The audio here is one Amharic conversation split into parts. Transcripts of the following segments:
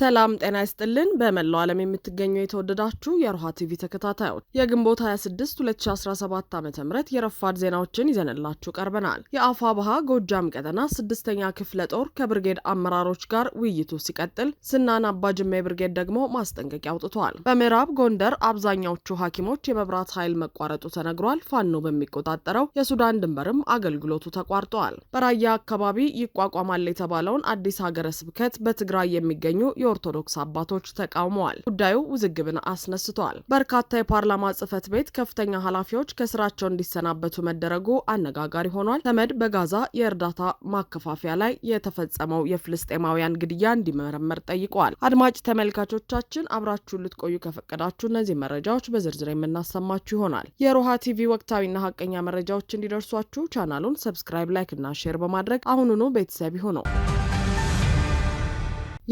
ሰላም ጤና ይስጥልን። በመላው ዓለም የምትገኙ የተወደዳችሁ የሮሃ ቲቪ ተከታታዮች የግንቦት 26 2017 ዓ ም የረፋድ ዜናዎችን ይዘንላችሁ ቀርበናል። የአፋ ባሃ ጎጃም ቀጠና ስድስተኛ ክፍለ ጦር ከብርጌድ አመራሮች ጋር ውይይቱ ሲቀጥል፣ ስናን አባጅሜ ብርጌድ ደግሞ ማስጠንቀቂያ አውጥቷል። በምዕራብ ጎንደር አብዛኛዎቹ ሐኪሞች የመብራት ኃይል መቋረጡ ተነግሯል። ፋኖ በሚቆጣጠረው የሱዳን ድንበርም አገልግሎቱ ተቋርጧል። በራያ አካባቢ ይቋቋማል የተባለውን አዲስ ሀገረ ስብከት በትግራይ የሚገኙ የኦርቶዶክስ አባቶች ተቃውመዋል። ጉዳዩ ውዝግብን አስነስቷል። በርካታ የፓርላማ ጽህፈት ቤት ከፍተኛ ኃላፊዎች ከስራቸው እንዲሰናበቱ መደረጉ አነጋጋሪ ሆኗል። ተመድ በጋዛ የእርዳታ ማከፋፊያ ላይ የተፈጸመው የፍልስጤማውያን ግድያ እንዲመረመር ጠይቋል። አድማጭ ተመልካቾቻችን አብራችሁን ልትቆዩ ከፈቀዳችሁ እነዚህ መረጃዎች በዝርዝር የምናሰማችሁ ይሆናል። የሮሃ ቲቪ ወቅታዊና ሀቀኛ መረጃዎች እንዲደርሷችሁ ቻናሉን ሰብስክራይብ፣ ላይክ እና ሼር በማድረግ አሁኑኑ ቤተሰብ ይሁኑ።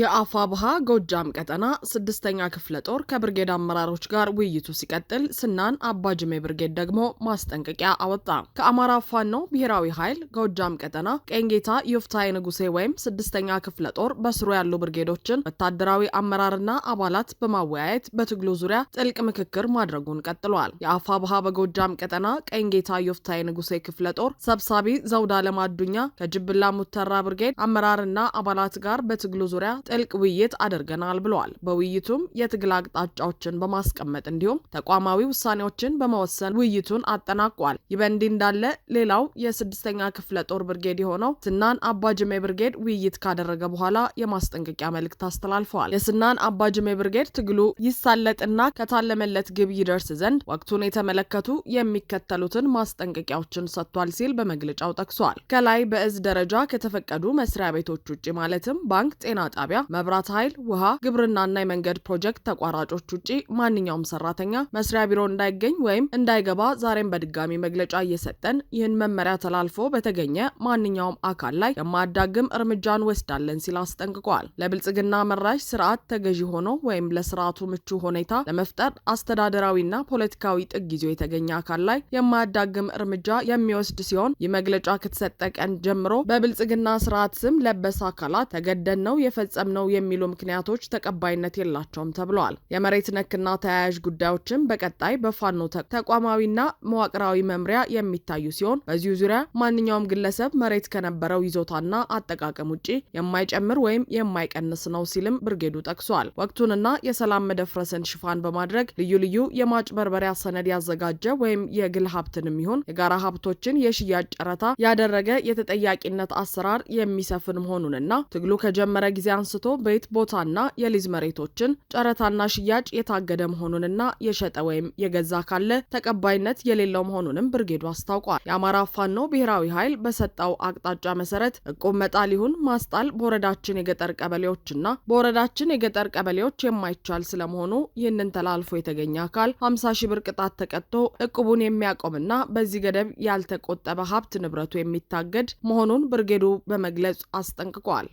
የአፋ የአፋብሃ ጎጃም ቀጠና ስድስተኛ ክፍለ ጦር ከብርጌድ አመራሮች ጋር ውይይቱ ሲቀጥል ስናን አባጅሜ ብርጌድ ደግሞ ማስጠንቀቂያ አወጣ። ከአማራ ፋኖ ብሔራዊ ኃይል ጎጃም ቀጠና ቀኝጌታ ዮፍታይ ንጉሴ ወይም ስድስተኛ ክፍለ ጦር በስሩ ያሉ ብርጌዶችን ወታደራዊ አመራርና አባላት በማወያየት በትግሉ ዙሪያ ጥልቅ ምክክር ማድረጉን ቀጥሏል። የአፋብሃ በጎጃም ቀጠና ቀኝጌታ ዮፍታይ ንጉሴ ክፍለ ጦር ሰብሳቢ ዘውዳ ለማዱኛ ከጅብላ ሙተራ ብርጌድ አመራርና አባላት ጋር በትግሉ ዙሪያ ጥልቅ ውይይት አድርገናል ብለዋል። በውይይቱም የትግል አቅጣጫዎችን በማስቀመጥ እንዲሁም ተቋማዊ ውሳኔዎችን በመወሰን ውይይቱን አጠናቋል። ይህ በእንዲህ እንዳለ ሌላው የስድስተኛ ክፍለ ጦር ብርጌድ የሆነው ስናን አባጅሜ ብርጌድ ውይይት ካደረገ በኋላ የማስጠንቀቂያ መልእክት አስተላልፈዋል። የስናን አባጅሜ ብርጌድ ትግሉ ይሳለጥና ከታለመለት ግብ ይደርስ ዘንድ ወቅቱን የተመለከቱ የሚከተሉትን ማስጠንቀቂያዎችን ሰጥቷል ሲል በመግለጫው ጠቅሷል። ከላይ በእዝ ደረጃ ከተፈቀዱ መስሪያ ቤቶች ውጭ ማለትም ባንክ፣ ጤና ጣቢያ መኖሪያ፣ መብራት ኃይል፣ ውሃ፣ ግብርናና የመንገድ ፕሮጀክት ተቋራጮች ውጪ ማንኛውም ሰራተኛ መስሪያ ቢሮ እንዳይገኝ ወይም እንዳይገባ ዛሬም በድጋሚ መግለጫ እየሰጠን ይህን መመሪያ ተላልፎ በተገኘ ማንኛውም አካል ላይ የማያዳግም እርምጃን ወስዳለን ሲል አስጠንቅቋል። ለብልጽግና መራሽ ስርዓት ተገዢ ሆኖ ወይም ለስርዓቱ ምቹ ሁኔታ ለመፍጠር አስተዳደራዊና ፖለቲካዊ ጥግ ይዞ የተገኘ አካል ላይ የማያዳግም እርምጃ የሚወስድ ሲሆን ይህ መግለጫ ከተሰጠ ቀን ጀምሮ በብልጽግና ስርዓት ስም ለበስ አካላት ተገደን ነው የፈጸ ሊፈጸም ነው የሚሉ ምክንያቶች ተቀባይነት የላቸውም ተብለዋል። የመሬት ነክና ተያያዥ ጉዳዮችን በቀጣይ በፋኖ ተቋማዊና መዋቅራዊ መምሪያ የሚታዩ ሲሆን በዚሁ ዙሪያ ማንኛውም ግለሰብ መሬት ከነበረው ይዞታና አጠቃቀም ውጭ የማይጨምር ወይም የማይቀንስ ነው ሲልም ብርጌዱ ጠቅሷል። ወቅቱንና የሰላም መደፍረስን ሽፋን በማድረግ ልዩ ልዩ የማጭበርበሪያ ሰነድ ያዘጋጀ ወይም የግል ሀብትንም ይሁን የጋራ ሀብቶችን የሽያጭ ጨረታ ያደረገ የተጠያቂነት አሰራር የሚሰፍን መሆኑንና ትግሉ ከጀመረ ጊዜ አንስ አንስቶ ቤት ቦታና የሊዝ መሬቶችን ጨረታና ሽያጭ የታገደ መሆኑንና የሸጠ ወይም የገዛ ካለ ተቀባይነት የሌለው መሆኑንም ብርጌዱ አስታውቋል። የአማራ ፋኖ ብሔራዊ ኃይል በሰጠው አቅጣጫ መሰረት እቁብ መጣል ይሁን ማስጣል በወረዳችን የገጠር ቀበሌዎችና በወረዳችን የገጠር ቀበሌዎች የማይቻል ስለመሆኑ ይህንን ተላልፎ የተገኘ አካል 50 ሺህ ብር ቅጣት ተቀጥቶ እቁቡን የሚያቆምና በዚህ ገደብ ያልተቆጠበ ሀብት ንብረቱ የሚታገድ መሆኑን ብርጌዱ በመግለጽ አስጠንቅቋል።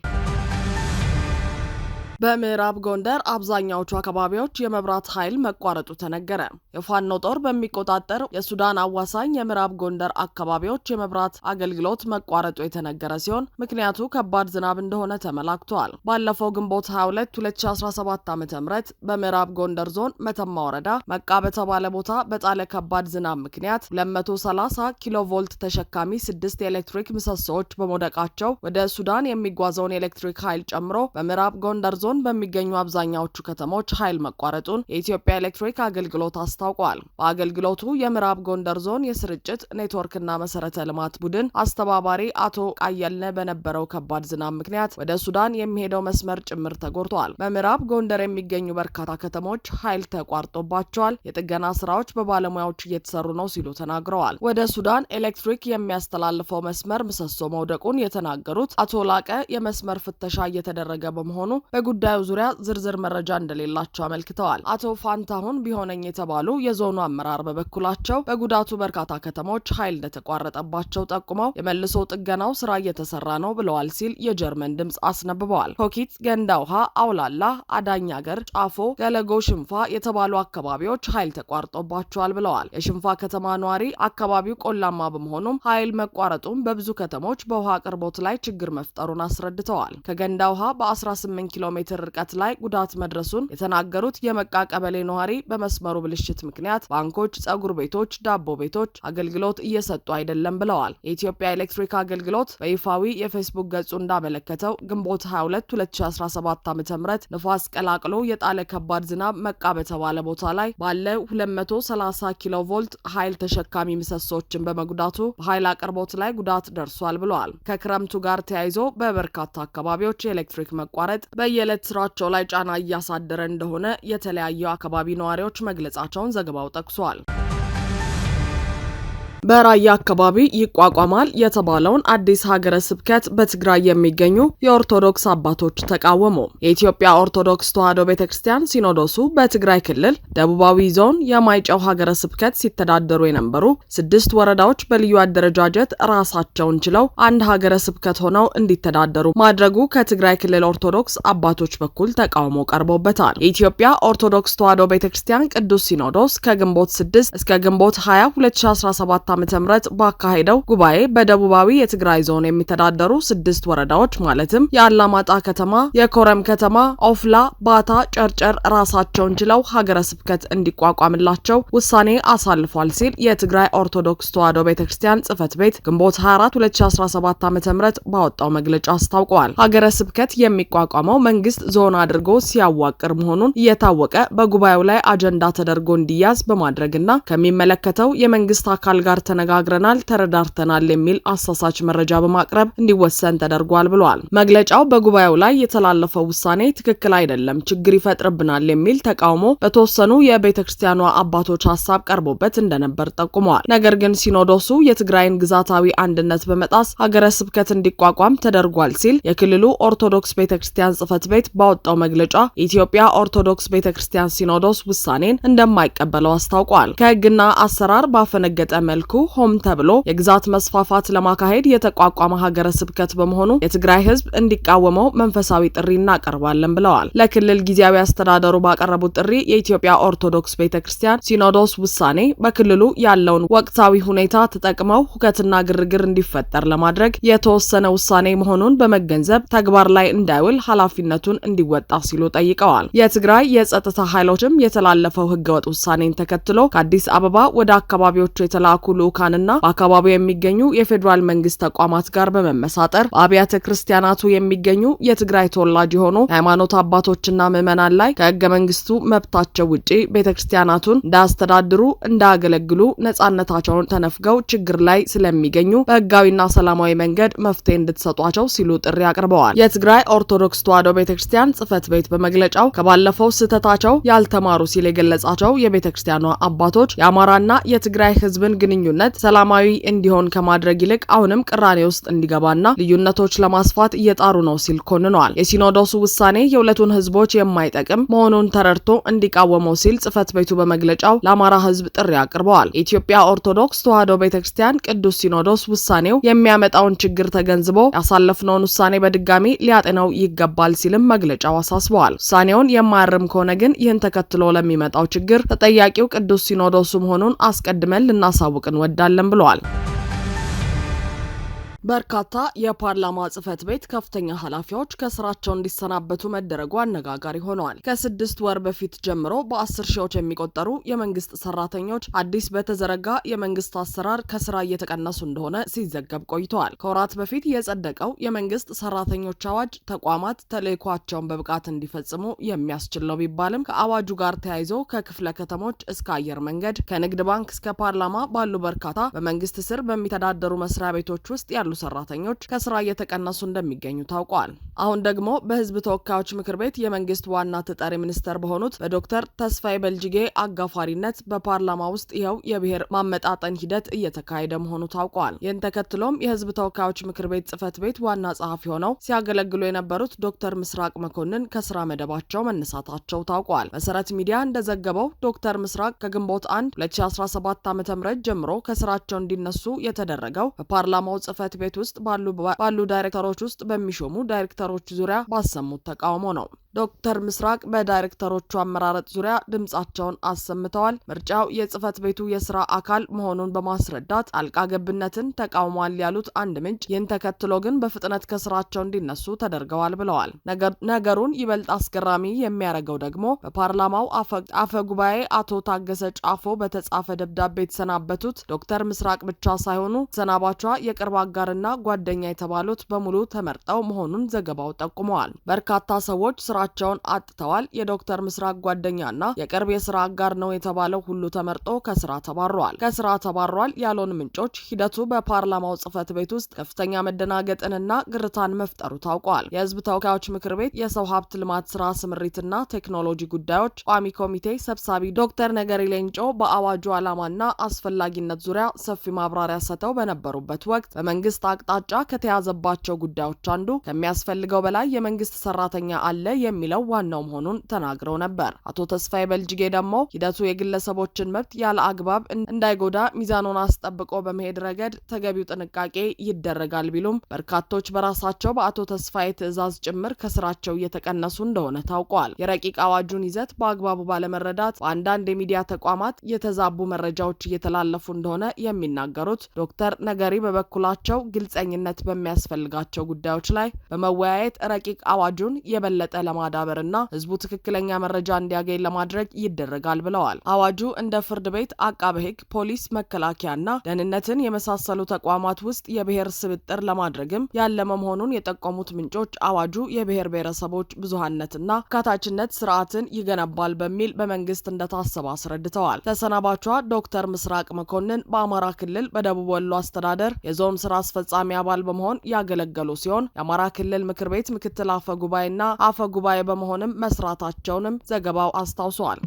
በምዕራብ ጎንደር አብዛኛዎቹ አካባቢዎች የመብራት ኃይል መቋረጡ ተነገረ። የፋኖ ጦር በሚቆጣጠር የሱዳን አዋሳኝ የምዕራብ ጎንደር አካባቢዎች የመብራት አገልግሎት መቋረጡ የተነገረ ሲሆን ምክንያቱ ከባድ ዝናብ እንደሆነ ተመላክቷል። ባለፈው ግንቦት 22 2017 ዓ ም በምዕራብ ጎንደር ዞን መተማ ወረዳ መቃ በተባለ ቦታ በጣለ ከባድ ዝናብ ምክንያት 230 ኪሎ ቮልት ተሸካሚ ስድስት የኤሌክትሪክ ምሰሶዎች በመውደቃቸው ወደ ሱዳን የሚጓዘውን የኤሌክትሪክ ኃይል ጨምሮ በምዕራብ ጎንደር ዞን በሚገኙ አብዛኛዎቹ ከተሞች ኃይል መቋረጡን የኢትዮጵያ ኤሌክትሪክ አገልግሎት አስታውቋል። በአገልግሎቱ የምዕራብ ጎንደር ዞን የስርጭት ኔትወርክና መሰረተ ልማት ቡድን አስተባባሪ አቶ ቃየልነ በነበረው ከባድ ዝናብ ምክንያት ወደ ሱዳን የሚሄደው መስመር ጭምር ተጎድቷል። በምዕራብ ጎንደር የሚገኙ በርካታ ከተሞች ኃይል ተቋርጦባቸዋል። የጥገና ስራዎች በባለሙያዎች እየተሰሩ ነው ሲሉ ተናግረዋል። ወደ ሱዳን ኤሌክትሪክ የሚያስተላልፈው መስመር ምሰሶ መውደቁን የተናገሩት አቶ ላቀ የመስመር ፍተሻ እየተደረገ በመሆኑ በጉ በጉዳዩ ዙሪያ ዝርዝር መረጃ እንደሌላቸው አመልክተዋል። አቶ ፋንታሁን ቢሆነኝ የተባሉ የዞኑ አመራር በበኩላቸው በጉዳቱ በርካታ ከተሞች ኃይል እንደተቋረጠባቸው ጠቁመው የመልሶ ጥገናው ስራ እየተሰራ ነው ብለዋል ሲል የጀርመን ድምፅ አስነብበዋል። ኮኪት፣ ገንዳ ውሃ፣ አውላላ፣ አዳኝ አገር፣ ጫፎ፣ ገለጎ፣ ሽንፋ የተባሉ አካባቢዎች ኃይል ተቋርጦባቸዋል ብለዋል። የሽንፋ ከተማ ነዋሪ አካባቢው ቆላማ በመሆኑም ኃይል መቋረጡም በብዙ ከተሞች በውሃ አቅርቦት ላይ ችግር መፍጠሩን አስረድተዋል። ከገንዳ ውሃ በ18 ኪሎ ሜ ሜትር ርቀት ላይ ጉዳት መድረሱን የተናገሩት የመቃ ቀበሌ ነዋሪ በመስመሩ ብልሽት ምክንያት ባንኮች፣ ጸጉር ቤቶች፣ ዳቦ ቤቶች አገልግሎት እየሰጡ አይደለም ብለዋል። የኢትዮጵያ ኤሌክትሪክ አገልግሎት በይፋዊ የፌስቡክ ገጹ እንዳመለከተው ግንቦት 22 2017 ዓ ም ንፋስ ቀላቅሎ የጣለ ከባድ ዝናብ መቃ በተባለ ቦታ ላይ ባለ 230 ኪሎ ቮልት ኃይል ተሸካሚ ምሰሶችን በመጉዳቱ በኃይል አቅርቦት ላይ ጉዳት ደርሷል ብለዋል። ከክረምቱ ጋር ተያይዞ በበርካታ አካባቢዎች የኤሌክትሪክ መቋረጥ በየለ የዕለት ስራቸው ላይ ጫና እያሳደረ እንደሆነ የተለያዩ አካባቢ ነዋሪዎች መግለጻቸውን ዘገባው ጠቅሷል። በራያ አካባቢ ይቋቋማል የተባለውን አዲስ ሀገረ ስብከት በትግራይ የሚገኙ የኦርቶዶክስ አባቶች ተቃወሙ። የኢትዮጵያ ኦርቶዶክስ ተዋሕዶ ቤተ ክርስቲያን ሲኖዶሱ በትግራይ ክልል ደቡባዊ ዞን የማይጨው ሀገረ ስብከት ሲተዳደሩ የነበሩ ስድስት ወረዳዎች በልዩ አደረጃጀት ራሳቸውን ችለው አንድ ሀገረ ስብከት ሆነው እንዲተዳደሩ ማድረጉ ከትግራይ ክልል ኦርቶዶክስ አባቶች በኩል ተቃውሞ ቀርቦበታል። የኢትዮጵያ ኦርቶዶክስ ተዋሕዶ ቤተ ክርስቲያን ቅዱስ ሲኖዶስ ከግንቦት 6 እስከ ግንቦት 20 2017 ዓ ም ባካሄደው ጉባኤ በደቡባዊ የትግራይ ዞን የሚተዳደሩ ስድስት ወረዳዎች ማለትም የአላማጣ ከተማ፣ የኮረም ከተማ፣ ኦፍላ፣ ባታ፣ ጨርጨር ራሳቸውን ችለው ሀገረ ስብከት እንዲቋቋምላቸው ውሳኔ አሳልፏል ሲል የትግራይ ኦርቶዶክስ ተዋሕዶ ቤተ ክርስቲያን ጽሕፈት ቤት ግንቦት 24 2017 ዓ ም ባወጣው መግለጫ አስታውቀዋል። ሀገረ ስብከት የሚቋቋመው መንግስት ዞን አድርጎ ሲያዋቅር መሆኑን እየታወቀ በጉባኤው ላይ አጀንዳ ተደርጎ እንዲያዝ በማድረግና ከሚመለከተው የመንግስት አካል ጋር ተነጋግረናል፣ ተረዳርተናል የሚል አሳሳች መረጃ በማቅረብ እንዲወሰን ተደርጓል ብለዋል። መግለጫው በጉባኤው ላይ የተላለፈው ውሳኔ ትክክል አይደለም፣ ችግር ይፈጥርብናል የሚል ተቃውሞ በተወሰኑ የቤተ ክርስቲያኗ አባቶች ሀሳብ ቀርቦበት እንደነበር ጠቁመዋል። ነገር ግን ሲኖዶሱ የትግራይን ግዛታዊ አንድነት በመጣስ ሀገረ ስብከት እንዲቋቋም ተደርጓል ሲል የክልሉ ኦርቶዶክስ ቤተ ክርስቲያን ጽሕፈት ቤት ባወጣው መግለጫ የኢትዮጵያ ኦርቶዶክስ ቤተ ክርስቲያን ሲኖዶስ ውሳኔን እንደማይቀበለው አስታውቋል። ከህግና አሰራር ባፈነገጠ መልኩ መልኩ ሆም ተብሎ የግዛት መስፋፋት ለማካሄድ የተቋቋመ ሀገረ ስብከት በመሆኑ የትግራይ ህዝብ እንዲቃወመው መንፈሳዊ ጥሪ እናቀርባለን ብለዋል። ለክልል ጊዜያዊ አስተዳደሩ ባቀረቡት ጥሪ የኢትዮጵያ ኦርቶዶክስ ቤተ ክርስቲያን ሲኖዶስ ውሳኔ በክልሉ ያለውን ወቅታዊ ሁኔታ ተጠቅመው ሁከትና ግርግር እንዲፈጠር ለማድረግ የተወሰነ ውሳኔ መሆኑን በመገንዘብ ተግባር ላይ እንዳይውል ኃላፊነቱን እንዲወጣ ሲሉ ጠይቀዋል። የትግራይ የጸጥታ ኃይሎችም የተላለፈው ህገወጥ ውሳኔን ተከትሎ ከአዲስ አበባ ወደ አካባቢዎቹ የተላኩ ልኡካንና በአካባቢው የሚገኙ የፌዴራል መንግስት ተቋማት ጋር በመመሳጠር በአብያተ ክርስቲያናቱ የሚገኙ የትግራይ ተወላጅ የሆኑ የሃይማኖት አባቶችና ምዕመናን ላይ ከህገ መንግስቱ መብታቸው ውጪ ቤተ ክርስቲያናቱን እንዳያስተዳድሩ፣ እንዳያገለግሉ ነጻነታቸውን ተነፍገው ችግር ላይ ስለሚገኙ በህጋዊና ሰላማዊ መንገድ መፍትሄ እንድትሰጧቸው ሲሉ ጥሪ አቅርበዋል። የትግራይ ኦርቶዶክስ ተዋሕዶ ቤተ ክርስቲያን ጽህፈት ቤት በመግለጫው ከባለፈው ስህተታቸው ያልተማሩ ሲል የገለጻቸው የቤተ ክርስቲያኗ አባቶች የአማራና የትግራይ ህዝብን ግንኙ ግንኙነት ሰላማዊ እንዲሆን ከማድረግ ይልቅ አሁንም ቅራኔ ውስጥ እንዲገባና ልዩነቶች ለማስፋት እየጣሩ ነው ሲል ኮንነዋል። የሲኖዶሱ ውሳኔ የሁለቱን ህዝቦች የማይጠቅም መሆኑን ተረድቶ እንዲቃወመው ሲል ጽህፈት ቤቱ በመግለጫው ለአማራ ህዝብ ጥሪ አቅርበዋል። የኢትዮጵያ ኦርቶዶክስ ተዋሕዶ ቤተ ክርስቲያን ቅዱስ ሲኖዶስ ውሳኔው የሚያመጣውን ችግር ተገንዝቦ ያሳለፍነውን ውሳኔ በድጋሚ ሊያጤነው ይገባል ሲልም መግለጫው አሳስበዋል። ውሳኔውን የማያርም ከሆነ ግን ይህን ተከትሎ ለሚመጣው ችግር ተጠያቂው ቅዱስ ሲኖዶሱ መሆኑን አስቀድመን ልናሳውቅ እንወዳለን ብለዋል። በርካታ የፓርላማ ጽህፈት ቤት ከፍተኛ ኃላፊዎች ከስራቸው እንዲሰናበቱ መደረጉ አነጋጋሪ ሆነዋል። ከስድስት ወር በፊት ጀምሮ በአስር ሺዎች የሚቆጠሩ የመንግስት ሰራተኞች አዲስ በተዘረጋ የመንግስት አሰራር ከስራ እየተቀነሱ እንደሆነ ሲዘገብ ቆይተዋል። ከወራት በፊት የጸደቀው የመንግስት ሰራተኞች አዋጅ ተቋማት ተልዕኳቸውን በብቃት እንዲፈጽሙ የሚያስችል ነው ቢባልም ከአዋጁ ጋር ተያይዞ ከክፍለ ከተሞች እስከ አየር መንገድ ከንግድ ባንክ እስከ ፓርላማ ባሉ በርካታ በመንግስት ስር በሚተዳደሩ መስሪያ ቤቶች ውስጥ ያሉ ሰራተኞች ከስራ እየተቀነሱ እንደሚገኙ ታውቋል። አሁን ደግሞ በህዝብ ተወካዮች ምክር ቤት የመንግስት ዋና ተጠሪ ሚኒስተር በሆኑት በዶክተር ተስፋዬ በልጅጌ አጋፋሪነት በፓርላማ ውስጥ ይኸው የብሔር ማመጣጠን ሂደት እየተካሄደ መሆኑ ታውቋል። ይህን ተከትሎም የህዝብ ተወካዮች ምክር ቤት ጽህፈት ቤት ዋና ጸሐፊ ሆነው ሲያገለግሉ የነበሩት ዶክተር ምስራቅ መኮንን ከስራ መደባቸው መነሳታቸው ታውቋል። መሰረት ሚዲያ እንደዘገበው ዶክተር ምስራቅ ከግንቦት 1 2017 ዓ ም ጀምሮ ከስራቸው እንዲነሱ የተደረገው በፓርላማው ጽህፈት ቤት ቤት ውስጥ ባሉ ዳይሬክተሮች ውስጥ በሚሾሙ ዳይሬክተሮች ዙሪያ ባሰሙት ተቃውሞ ነው። ዶክተር ምስራቅ በዳይሬክተሮቹ አመራረጥ ዙሪያ ድምጻቸውን አሰምተዋል። ምርጫው የጽህፈት ቤቱ የስራ አካል መሆኑን በማስረዳት ጣልቃ ገብነትን ተቃውሟል ያሉት አንድ ምንጭ ይህን ተከትሎ ግን በፍጥነት ከስራቸው እንዲነሱ ተደርገዋል ብለዋል። ነገሩን ይበልጥ አስገራሚ የሚያደርገው ደግሞ በፓርላማው አፈ ጉባኤ አቶ ታገሰ ጫፎ በተጻፈ ደብዳቤ የተሰናበቱት ዶክተር ምስራቅ ብቻ ሳይሆኑ ተሰናባቿ የቅርብ አጋር አጋርና ጓደኛ የተባሉት በሙሉ ተመርጠው መሆኑን ዘገባው ጠቁመዋል። በርካታ ሰዎች ስራቸውን አጥተዋል። የዶክተር ምስራቅ ጓደኛና የቅርብ የስራ አጋር ነው የተባለው ሁሉ ተመርጦ ከስራ ተባረዋል። ከስራ ተባሯል ያሉን ምንጮች ሂደቱ በፓርላማው ጽህፈት ቤት ውስጥ ከፍተኛ መደናገጥንና ግርታን መፍጠሩ ታውቋል። የህዝብ ተወካዮች ምክር ቤት የሰው ሀብት ልማት ስራ ስምሪትና ቴክኖሎጂ ጉዳዮች ቋሚ ኮሚቴ ሰብሳቢ ዶክተር ነገሪ ሌንጮ በአዋጁ ዓላማና አስፈላጊነት ዙሪያ ሰፊ ማብራሪያ ሰጥተው በነበሩበት ወቅት በመንግስት በመንግስት አቅጣጫ ከተያዘባቸው ጉዳዮች አንዱ ከሚያስፈልገው በላይ የመንግስት ሰራተኛ አለ የሚለው ዋናው መሆኑን ተናግረው ነበር። አቶ ተስፋዬ በልጅጌ ደግሞ ሂደቱ የግለሰቦችን መብት ያለ አግባብ እንዳይጎዳ ሚዛኑን አስጠብቆ በመሄድ ረገድ ተገቢው ጥንቃቄ ይደረጋል ቢሉም በርካቶች በራሳቸው በአቶ ተስፋዬ ትዕዛዝ ጭምር ከስራቸው እየተቀነሱ እንደሆነ ታውቋል። የረቂቅ አዋጁን ይዘት በአግባቡ ባለመረዳት በአንዳንድ የሚዲያ ተቋማት የተዛቡ መረጃዎች እየተላለፉ እንደሆነ የሚናገሩት ዶክተር ነገሪ በበኩላቸው ግልጸኝነት በሚያስፈልጋቸው ጉዳዮች ላይ በመወያየት ረቂቅ አዋጁን የበለጠ ለማዳበርና ህዝቡ ትክክለኛ መረጃ እንዲያገኝ ለማድረግ ይደረጋል ብለዋል። አዋጁ እንደ ፍርድ ቤት፣ አቃቤ ህግ፣ ፖሊስ፣ መከላከያና ደህንነትን የመሳሰሉ ተቋማት ውስጥ የብሔር ስብጥር ለማድረግም ያለመ መሆኑን የጠቆሙት ምንጮች አዋጁ የብሔር ብሔረሰቦች ብዙሀነትና አካታችነት ስርዓትን ይገነባል በሚል በመንግስት እንደታሰበ አስረድተዋል። ተሰናባቿ ዶክተር ምስራቅ መኮንን በአማራ ክልል በደቡብ ወሎ አስተዳደር የዞን ስራ አስፈጻሚ አባል በመሆን ያገለገሉ ሲሆን የአማራ ክልል ምክር ቤት ምክትል አፈ ጉባኤና አፈ ጉባኤ በመሆንም መስራታቸውንም ዘገባው አስታውሰዋል።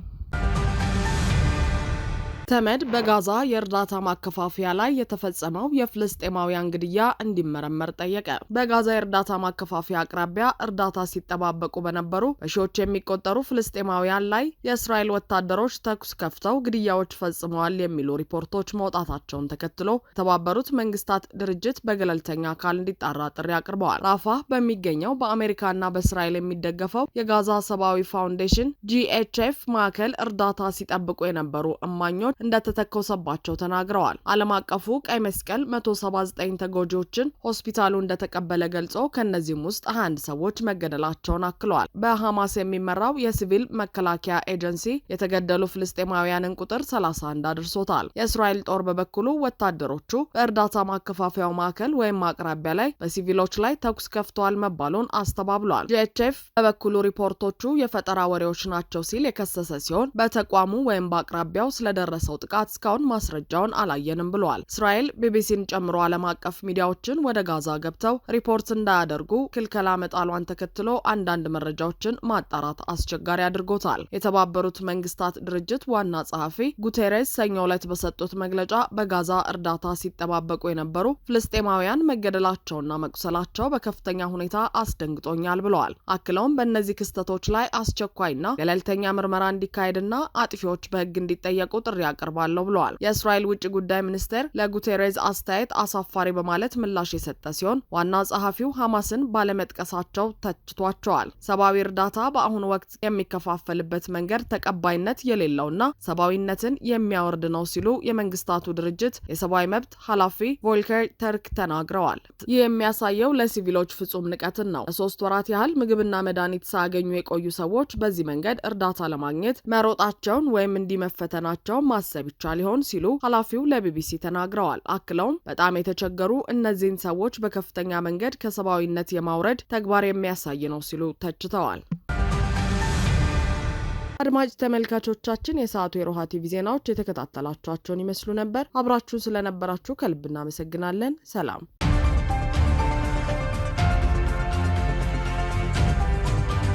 ተመድ በጋዛ የእርዳታ ማከፋፈያ ላይ የተፈጸመው የፍልስጤማውያን ግድያ እንዲመረመር ጠየቀ። በጋዛ የእርዳታ ማከፋፈያ አቅራቢያ እርዳታ ሲጠባበቁ በነበሩ በሺዎች የሚቆጠሩ ፍልስጤማውያን ላይ የእስራኤል ወታደሮች ተኩስ ከፍተው ግድያዎች ፈጽመዋል የሚሉ ሪፖርቶች መውጣታቸውን ተከትሎ የተባበሩት መንግስታት ድርጅት በገለልተኛ አካል እንዲጣራ ጥሪ አቅርበዋል። ራፋ በሚገኘው በአሜሪካና በእስራኤል የሚደገፈው የጋዛ ሰብአዊ ፋውንዴሽን ጂኤችኤፍ ማዕከል እርዳታ ሲጠብቁ የነበሩ እማኞች እንደተተኮሰባቸው ተናግረዋል። ዓለም አቀፉ ቀይ መስቀል 179 ተጎጂዎችን ሆስፒታሉ እንደተቀበለ ገልጾ ከእነዚህም ውስጥ 21 ሰዎች መገደላቸውን አክለዋል። በሐማስ የሚመራው የሲቪል መከላከያ ኤጀንሲ የተገደሉ ፍልስጤማውያንን ቁጥር 31 አድርሶታል። የእስራኤል ጦር በበኩሉ ወታደሮቹ በእርዳታ ማከፋፈያው ማዕከል ወይም አቅራቢያ ላይ በሲቪሎች ላይ ተኩስ ከፍተዋል መባሉን አስተባብሏል። ጂኤችኤፍ በበኩሉ ሪፖርቶቹ የፈጠራ ወሬዎች ናቸው ሲል የከሰሰ ሲሆን በተቋሙ ወይም በአቅራቢያው ስለደረሰ ለደረሰው ጥቃት እስካሁን ማስረጃውን አላየንም ብለዋል። እስራኤል ቢቢሲን ጨምሮ ዓለም አቀፍ ሚዲያዎችን ወደ ጋዛ ገብተው ሪፖርት እንዳያደርጉ ክልከላ መጣሏን ተከትሎ አንዳንድ መረጃዎችን ማጣራት አስቸጋሪ አድርጎታል። የተባበሩት መንግስታት ድርጅት ዋና ጸሐፊ ጉቴሬስ ሰኞ ዕለት በሰጡት መግለጫ በጋዛ እርዳታ ሲጠባበቁ የነበሩ ፍልስጤማውያን መገደላቸውና መቁሰላቸው በከፍተኛ ሁኔታ አስደንግጦኛል ብለዋል። አክለውም በእነዚህ ክስተቶች ላይ አስቸኳይና ገለልተኛ ምርመራ እንዲካሄድና አጥፊዎች በሕግ እንዲጠየቁ ጥሪ አቀርባለሁ ብለዋል። የእስራኤል ውጭ ጉዳይ ሚኒስቴር ለጉቴሬዝ አስተያየት አሳፋሪ በማለት ምላሽ የሰጠ ሲሆን ዋና ጸሐፊው ሐማስን ባለመጥቀሳቸው ተችቷቸዋል። ሰብአዊ እርዳታ በአሁኑ ወቅት የሚከፋፈልበት መንገድ ተቀባይነት የሌለውና ሰብአዊነትን የሚያወርድ ነው ሲሉ የመንግስታቱ ድርጅት የሰብአዊ መብት ኃላፊ ቮልከር ተርክ ተናግረዋል። ይህ የሚያሳየው ለሲቪሎች ፍጹም ንቀትን ነው። ለሶስት ወራት ያህል ምግብና መድኃኒት ሳያገኙ የቆዩ ሰዎች በዚህ መንገድ እርዳታ ለማግኘት መሮጣቸውን ወይም እንዲመፈተናቸውን ማስ ማሰብ ይቻል ይሆን ሲሉ ኃላፊው ለቢቢሲ ተናግረዋል። አክለውም በጣም የተቸገሩ እነዚህን ሰዎች በከፍተኛ መንገድ ከሰብአዊነት የማውረድ ተግባር የሚያሳይ ነው ሲሉ ተችተዋል። አድማጭ ተመልካቾቻችን የሰዓቱ የሮሃ ቲቪ ዜናዎች የተከታተላችኋቸውን ይመስሉ ነበር። አብራችሁን ስለነበራችሁ ከልብ እናመሰግናለን። ሰላም